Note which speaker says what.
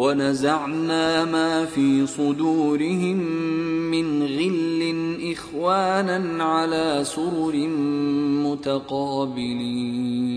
Speaker 1: ونزعنا ما في صدورهم من غل إخوانا على سرر متقابلين